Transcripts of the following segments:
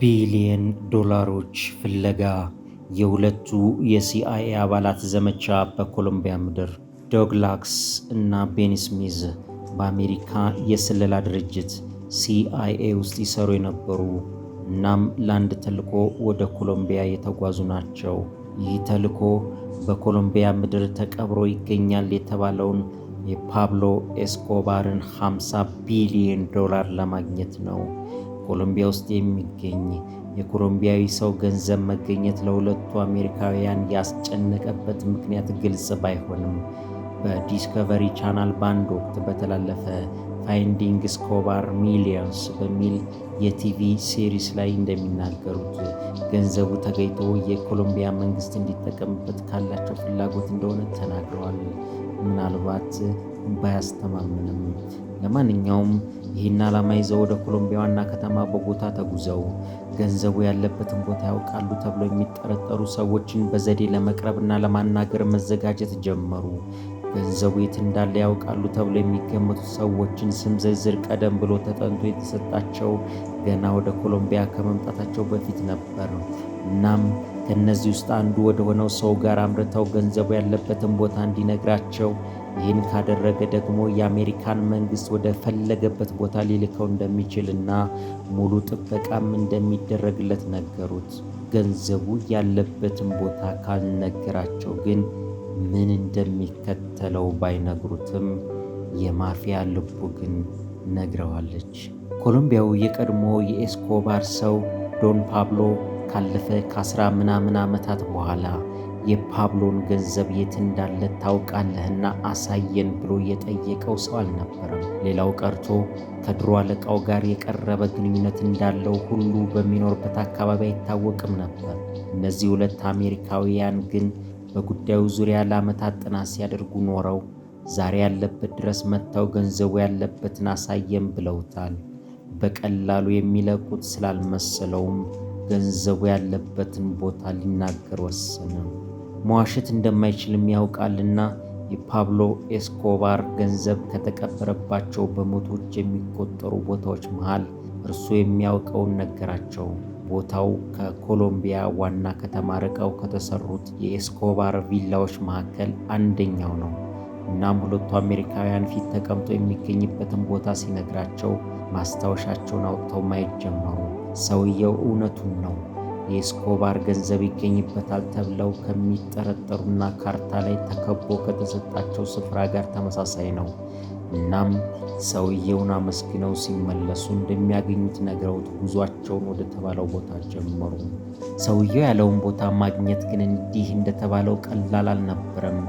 ቢሊየን ዶላሮች ፍለጋ የሁለቱ የሲአይኤ አባላት ዘመቻ በኮሎምቢያ ምድር። ዶግላክስ እና ቤኒ ስሚዝ በአሜሪካ የስለላ ድርጅት ሲአይኤ ውስጥ ይሰሩ የነበሩ እናም ለአንድ ተልዕኮ ወደ ኮሎምቢያ የተጓዙ ናቸው። ይህ ተልዕኮ በኮሎምቢያ ምድር ተቀብሮ ይገኛል የተባለውን የፓብሎ ኤስኮባርን 50 ቢሊዮን ዶላር ለማግኘት ነው። ኮሎምቢያ ውስጥ የሚገኝ የኮሎምቢያዊ ሰው ገንዘብ መገኘት ለሁለቱ አሜሪካውያን ያስጨነቀበት ምክንያት ግልጽ ባይሆንም በዲስከቨሪ ቻናል በአንድ ወቅት በተላለፈ ፋይንዲንግ ስኮባር ሚሊየንስ በሚል የቲቪ ሲሪስ ላይ እንደሚናገሩት ገንዘቡ ተገኝቶ የኮሎምቢያ መንግስት እንዲጠቀምበት ካላቸው ፍላጎት እንደሆነ ተናግረዋል። ምናልባት ባያስተማምንም ለማንኛውም ይህን ዓላማ ይዘው ወደ ኮሎምቢያ ዋና ከተማ ቦጎታ ተጉዘው ገንዘቡ ያለበትን ቦታ ያውቃሉ ተብለው የሚጠረጠሩ ሰዎችን በዘዴ ለመቅረብና ለማናገር መዘጋጀት ጀመሩ። ገንዘቡ የት እንዳለ ያውቃሉ ተብሎ የሚገመቱ ሰዎችን ስም ዝርዝር ቀደም ብሎ ተጠንቶ የተሰጣቸው ገና ወደ ኮሎምቢያ ከመምጣታቸው በፊት ነበር። እናም ከእነዚህ ውስጥ አንዱ ወደ ሆነው ሰው ጋር አምርተው ገንዘቡ ያለበትን ቦታ እንዲነግራቸው ይህን ካደረገ ደግሞ የአሜሪካን መንግስት ወደ ፈለገበት ቦታ ሊልከው እንደሚችልና ሙሉ ጥበቃም እንደሚደረግለት ነገሩት። ገንዘቡ ያለበትን ቦታ ካልነገራቸው ግን ምን እንደሚከተለው ባይነግሩትም የማፊያ ልቡ ግን ነግረዋለች። ኮሎምቢያው የቀድሞ የኤስኮባር ሰው ዶን ፓብሎ ካለፈ ከአስራ ምናምን ዓመታት በኋላ የፓብሎን ገንዘብ የት እንዳለ ታውቃለህና አሳየን ብሎ የጠየቀው ሰው አልነበረም። ሌላው ቀርቶ ከድሮ አለቃው ጋር የቀረበ ግንኙነት እንዳለው ሁሉ በሚኖርበት አካባቢ አይታወቅም ነበር። እነዚህ ሁለት አሜሪካውያን ግን በጉዳዩ ዙሪያ ለዓመታት ጥናት ሲያደርጉ ኖረው ዛሬ ያለበት ድረስ መጥተው ገንዘቡ ያለበትን አሳየን ብለውታል። በቀላሉ የሚለቁት ስላልመሰለውም ገንዘቡ ያለበትን ቦታ ሊናገር ወሰነ። መዋሸት እንደማይችልም ያውቃልና የፓብሎ ኤስኮባር ገንዘብ ከተቀበረባቸው በሞቶች የሚቆጠሩ ቦታዎች መሃል እርሱ የሚያውቀውን ነገራቸው። ቦታው ከኮሎምቢያ ዋና ከተማ ርቀው ከተሰሩት የኤስኮባር ቪላዎች መካከል አንደኛው ነው። እናም ሁለቱ አሜሪካውያን ፊት ተቀምጦ የሚገኝበትን ቦታ ሲነግራቸው ማስታወሻቸውን አውጥተው ማየት ጀመሩ። ሰውየው እውነቱን ነው። የኤስኮባር ገንዘብ ይገኝበታል ተብለው ከሚጠረጠሩና ካርታ ላይ ተከቦ ከተሰጣቸው ስፍራ ጋር ተመሳሳይ ነው። እናም ሰውየውን አመስግነው ሲመለሱ እንደሚያገኙት ነግረውት ጉዟቸውን ወደ ተባለው ቦታ ጀመሩ። ሰውየው ያለውን ቦታ ማግኘት ግን እንዲህ እንደተባለው ቀላል አልነበረም።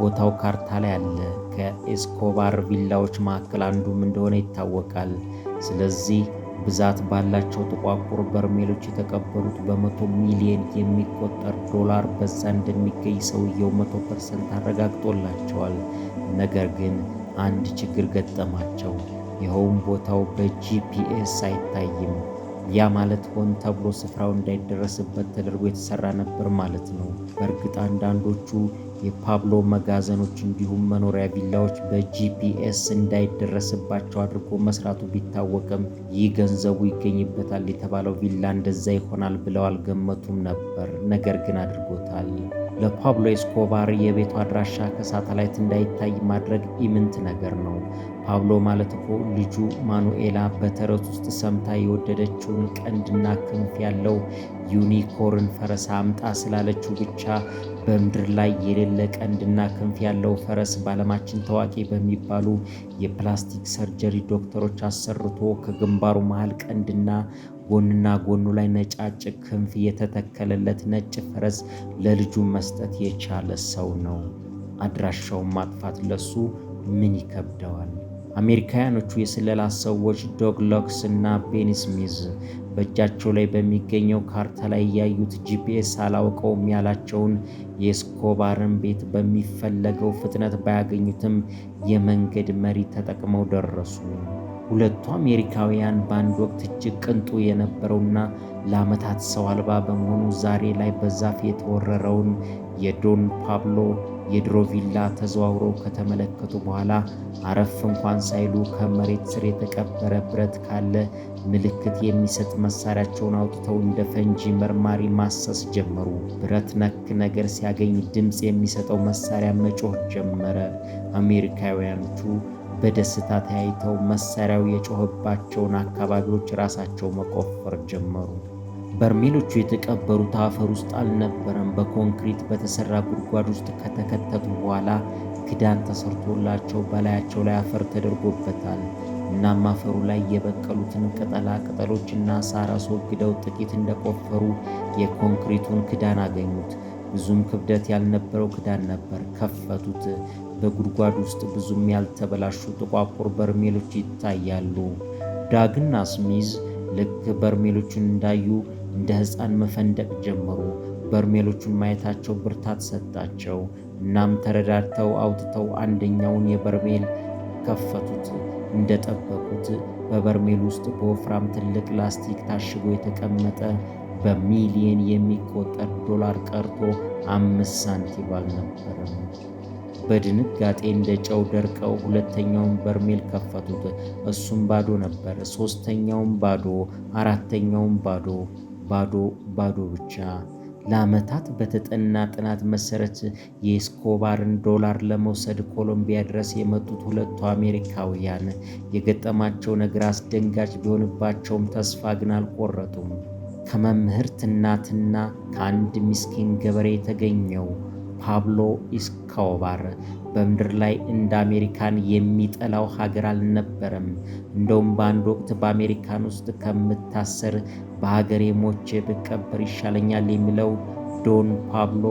ቦታው ካርታ ላይ አለ። ከኤስኮባር ቪላዎች መካከል አንዱም እንደሆነ ይታወቃል። ስለዚህ ብዛት ባላቸው ጥቋቁር በርሜሎች የተቀበሩት በመቶ ሚሊየን የሚቆጠር ዶላር በዛ እንደሚገኝ ሰውየው መቶ ፐርሰንት አረጋግጦላቸዋል። ነገር ግን አንድ ችግር ገጠማቸው። ይኸውም ቦታው በጂፒኤስ አይታይም። ያ ማለት ሆን ተብሎ ስፍራው እንዳይደረስበት ተደርጎ የተሰራ ነበር ማለት ነው። በእርግጥ አንዳንዶቹ የፓብሎ መጋዘኖች እንዲሁም መኖሪያ ቪላዎች በጂፒኤስ እንዳይደረስባቸው አድርጎ መስራቱ ቢታወቅም ይህ ገንዘቡ ይገኝበታል የተባለው ቪላ እንደዛ ይሆናል ብለው አልገመቱም ነበር። ነገር ግን አድርጎታል። ለፓብሎ ኤስኮባር የቤቱ አድራሻ ከሳተላይት እንዳይታይ ማድረግ ኢምንት ነገር ነው። ፓብሎ ማለት እኮ ልጁ ማኑኤላ በተረት ውስጥ ሰምታ የወደደችውን ቀንድና ክንፍ ያለው ዩኒኮርን ፈረሳ አምጣ ስላለችው ብቻ በምድር ላይ የሌለ ቀንድና ክንፍ ያለው ፈረስ በዓለማችን ታዋቂ በሚባሉ የፕላስቲክ ሰርጀሪ ዶክተሮች አሰርቶ ከግንባሩ መሃል ቀንድና ጎንና ጎኑ ላይ ነጫጭ ክንፍ የተተከለለት ነጭ ፈረስ ለልጁ መስጠት የቻለ ሰው ነው። አድራሻውን ማጥፋት ለሱ ምን ይከብደዋል? አሜሪካውያኖቹ የስለላ ሰዎች ዶግ ሎክስ እና ቤኒ በእጃቸው ላይ በሚገኘው ካርታ ላይ ያዩት ጂፒኤስ አላውቀውም ያላቸውን የስኮባርን ቤት በሚፈለገው ፍጥነት ባያገኙትም የመንገድ መሪ ተጠቅመው ደረሱ። ሁለቱ አሜሪካውያን በአንድ ወቅት እጅግ ቅንጡ የነበረውና ለዓመታት ሰው አልባ በመሆኑ ዛሬ ላይ በዛፍ የተወረረውን የዶን ፓብሎ የድሮ ቪላ ተዘዋውረው ከተመለከቱ በኋላ አረፍ እንኳን ሳይሉ ከመሬት ስር የተቀበረ ብረት ካለ ምልክት የሚሰጥ መሳሪያቸውን አውጥተው እንደ ፈንጂ መርማሪ ማሰስ ጀመሩ። ብረት ነክ ነገር ሲያገኝ ድምፅ የሚሰጠው መሳሪያ መጮህ ጀመረ። አሜሪካውያኖቹ በደስታ ተያይተው መሳሪያው የጮህባቸውን አካባቢዎች ራሳቸው መቆፈር ጀመሩ። በርሜሎቹ የተቀበሩት አፈር ውስጥ አልነበረም። በኮንክሪት በተሰራ ጉድጓድ ውስጥ ከተከተቱ በኋላ ክዳን ተሰርቶላቸው በላያቸው ላይ አፈር ተደርጎበታል። እናም አፈሩ ላይ የበቀሉትን ቅጠላ ቅጠሎች እና ሳር አስወግደው ጥቂት እንደቆፈሩ የኮንክሪቱን ክዳን አገኙት። ብዙም ክብደት ያልነበረው ክዳን ነበር። ከፈቱት። በጉድጓድ ውስጥ ብዙም ያልተበላሹ ጥቋቁር በርሜሎች ይታያሉ። ዳግና ስሚዝ ልክ በርሜሎቹን እንዳዩ እንደ ሕፃን መፈንደቅ ጀመሩ። በርሜሎቹን ማየታቸው ብርታት ሰጣቸው። እናም ተረዳድተው አውጥተው አንደኛውን የበርሜል ከፈቱት። እንደጠበቁት በበርሜል ውስጥ በወፍራም ትልቅ ላስቲክ ታሽጎ የተቀመጠ በሚሊየን የሚቆጠር ዶላር ቀርቶ አምስት ሳንቲም አልነበረም። በድንጋጤ እንደ ጨው ደርቀው ሁለተኛውን በርሜል ከፈቱት። እሱም ባዶ ነበር። ሶስተኛውም ባዶ፣ አራተኛውም ባዶ። ባዶ ባዶ ብቻ። ለዓመታት በተጠና ጥናት መሰረት የኤስኮባርን ዶላር ለመውሰድ ኮሎምቢያ ድረስ የመጡት ሁለቱ አሜሪካውያን የገጠማቸው ነገር አስደንጋጭ ቢሆንባቸውም ተስፋ ግን አልቆረጡም። ከመምህርት እናትና ከአንድ ምስኪን ገበሬ የተገኘው ፓብሎ ኤስኮባር በምድር ላይ እንደ አሜሪካን የሚጠላው ሀገር አልነበረም። እንደውም በአንድ ወቅት በአሜሪካን ውስጥ ከምታሰር በሀገሬ ሞቼ ብቀበር ይሻለኛል የሚለው ዶን ፓብሎ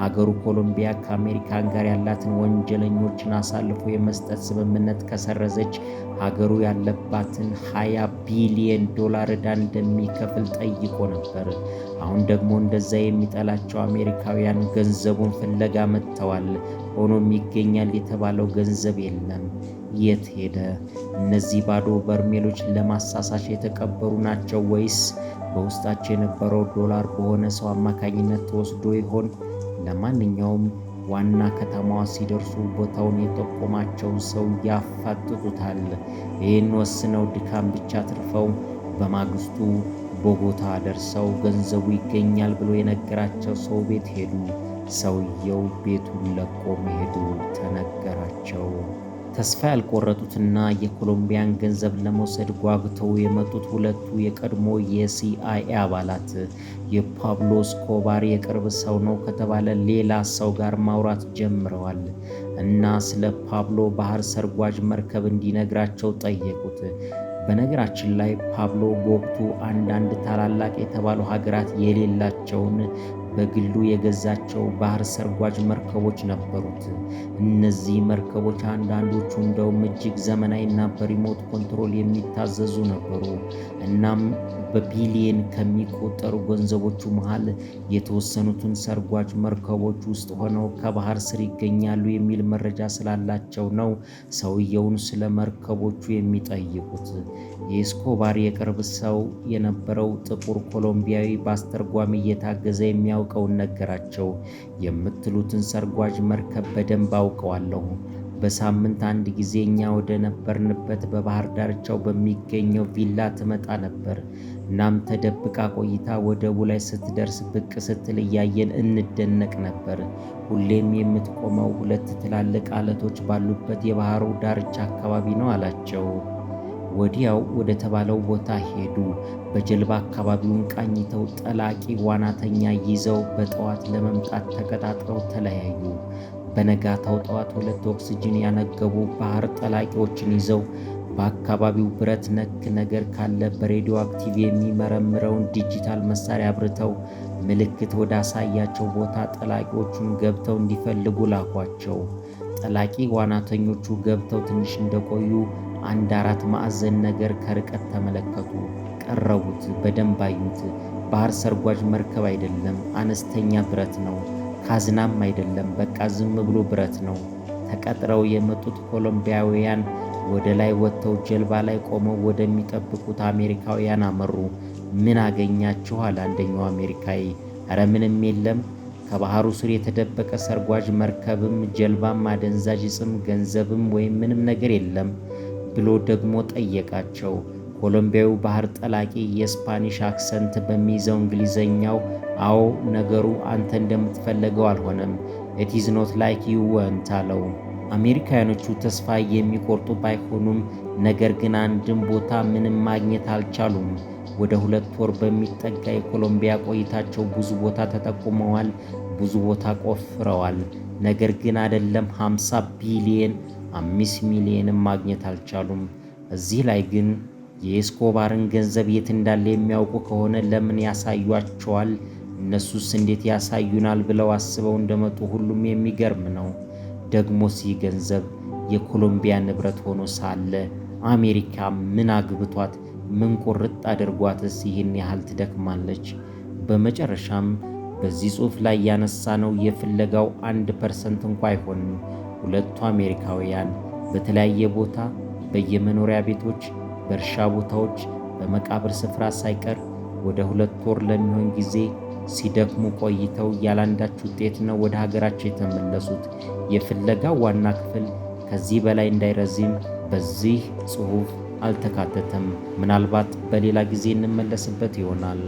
ሀገሩ ኮሎምቢያ ከአሜሪካን ጋር ያላትን ወንጀለኞችን አሳልፎ የመስጠት ስምምነት ከሰረዘች ሀገሩ ያለባትን 20 ቢሊየን ዶላር ዕዳ እንደሚከፍል ጠይቆ ነበር። አሁን ደግሞ እንደዛ የሚጠላቸው አሜሪካውያን ገንዘቡን ፍለጋ መጥተዋል። ሆኖም ይገኛል የተባለው ገንዘብ የለም። የት ሄደ? እነዚህ ባዶ በርሜሎች ለማሳሳሽ የተቀበሩ ናቸው ወይስ በውስጣቸው የነበረው ዶላር በሆነ ሰው አማካኝነት ተወስዶ ይሆን? ለማንኛውም ዋና ከተማዋ ሲደርሱ ቦታውን የጠቆማቸውን ሰው ያፋጥጡታል። ይህን ወስነው ድካም ብቻ አትርፈው በማግስቱ ቦጎታ ደርሰው ገንዘቡ ይገኛል ብሎ የነገራቸው ሰው ቤት ሄዱ። ሰውየው ቤቱን ለቆ መሄዱ ተነገራቸው። ተስፋ ያልቆረጡትና የኮሎምቢያን ገንዘብ ለመውሰድ ጓጉተው የመጡት ሁለቱ የቀድሞ የሲአይኤ አባላት የፓብሎ ስኮባር የቅርብ ሰው ነው ከተባለ ሌላ ሰው ጋር ማውራት ጀምረዋል እና ስለ ፓብሎ ባህር ሰርጓጅ መርከብ እንዲነግራቸው ጠየቁት። በነገራችን ላይ ፓብሎ በወቅቱ አንዳንድ ታላላቅ የተባሉ ሀገራት የሌላቸውን በግሉ የገዛቸው ባህር ሰርጓጅ መርከቦች ነበሩት። እነዚህ መርከቦች አንዳንዶቹ እንደውም እጅግ ዘመናዊና በሪሞት ኮንትሮል የሚታዘዙ ነበሩ። እናም በቢሊየን ከሚቆጠሩ ገንዘቦቹ መሃል የተወሰኑትን ሰርጓጅ መርከቦች ውስጥ ሆነው ከባህር ስር ይገኛሉ የሚል መረጃ ስላላቸው ነው ሰውየውን ስለ መርከቦቹ የሚጠይቁት። የኤስኮባር የቅርብ ሰው የነበረው ጥቁር ኮሎምቢያዊ በአስተርጓሚ እየታገዘ የሚያው አውቀውን ነገራቸው። የምትሉትን ሰርጓጅ መርከብ በደንብ አውቀዋለሁ። በሳምንት አንድ ጊዜ እኛ ወደ ነበርንበት በባህር ዳርቻው በሚገኘው ቪላ ትመጣ ነበር። እናም ተደብቃ ቆይታ ወደቡ ላይ ስትደርስ ብቅ ስትል እያየን እንደነቅ ነበር። ሁሌም የምትቆመው ሁለት ትላልቅ አለቶች ባሉበት የባህሩ ዳርቻ አካባቢ ነው አላቸው። ወዲያው ወደ ተባለው ቦታ ሄዱ። በጀልባ አካባቢውን ቃኝተው ጠላቂ ዋናተኛ ይዘው በጠዋት ለመምጣት ተቀጣጥረው ተለያዩ። በነጋታው ጠዋት ሁለት ኦክስጅን ያነገቡ ባህር ጠላቂዎችን ይዘው በአካባቢው ብረት ነክ ነገር ካለ በሬዲዮ አክቲቭ የሚመረምረውን ዲጂታል መሳሪያ አብርተው ምልክት ወደ አሳያቸው ቦታ ጠላቂዎቹን ገብተው እንዲፈልጉ ላኳቸው። ጠላቂ ዋናተኞቹ ገብተው ትንሽ እንደቆዩ አንድ አራት ማዕዘን ነገር ከርቀት ተመለከቱ፣ ቀረቡት፣ በደንብ አዩት። ባህር ሰርጓጅ መርከብ አይደለም፣ አነስተኛ ብረት ነው። ካዝናም አይደለም፣ በቃ ዝም ብሎ ብረት ነው። ተቀጥረው የመጡት ኮሎምቢያውያን ወደ ላይ ወጥተው ጀልባ ላይ ቆመው ወደሚጠብቁት አሜሪካውያን አመሩ። ምን አገኛችሁ? አለ አንደኛው አሜሪካዊ። እረ ምንም የለም ከባህሩ ስር የተደበቀ ሰርጓጅ መርከብም ጀልባም አደንዛዥ ጽም ገንዘብም ወይም ምንም ነገር የለም። ብሎ ደግሞ ጠየቃቸው። ኮሎምቢያዊ ባህር ጠላቂ የስፓኒሽ አክሰንት በሚይዘው እንግሊዘኛው አዎ፣ ነገሩ አንተ እንደምትፈለገው አልሆነም፣ ኢትዝ ኖት ላይክ ዩ ወንት አለው። አሜሪካውያኖቹ ተስፋ የሚቆርጡ ባይሆኑም ነገር ግን አንድም ቦታ ምንም ማግኘት አልቻሉም። ወደ ሁለት ወር በሚጠጋ የኮሎምቢያ ቆይታቸው ብዙ ቦታ ተጠቁመዋል፣ ብዙ ቦታ ቆፍረዋል። ነገር ግን አይደለም 50 ቢሊየን አምስት ሚሊየንም ማግኘት አልቻሉም። እዚህ ላይ ግን የኤስኮባርን ገንዘብ የት እንዳለ የሚያውቁ ከሆነ ለምን ያሳዩአቸዋል? እነሱስ እንዴት ያሳዩናል? ብለው አስበው እንደመጡ ሁሉም የሚገርም ነው። ደግሞ ይህ ገንዘብ የኮሎምቢያ ንብረት ሆኖ ሳለ አሜሪካ ምን አግብቷት ምን ቁርጥ አድርጓትስ ይህን ያህል ትደክማለች? በመጨረሻም በዚህ ጽሑፍ ላይ ያነሳነው የፍለጋው አንድ ፐርሰንት እንኳ አይሆንም። ሁለቱ አሜሪካውያን በተለያየ ቦታ በየመኖሪያ ቤቶች፣ በእርሻ ቦታዎች፣ በመቃብር ስፍራ ሳይቀር ወደ ሁለት ወር ለሚሆን ጊዜ ሲደክሙ ቆይተው ያላንዳች ውጤት ነው ወደ ሀገራቸው የተመለሱት። የፍለጋው ዋና ክፍል ከዚህ በላይ እንዳይረዝም በዚህ ጽሑፍ አልተካተተም። ምናልባት በሌላ ጊዜ እንመለስበት ይሆናል።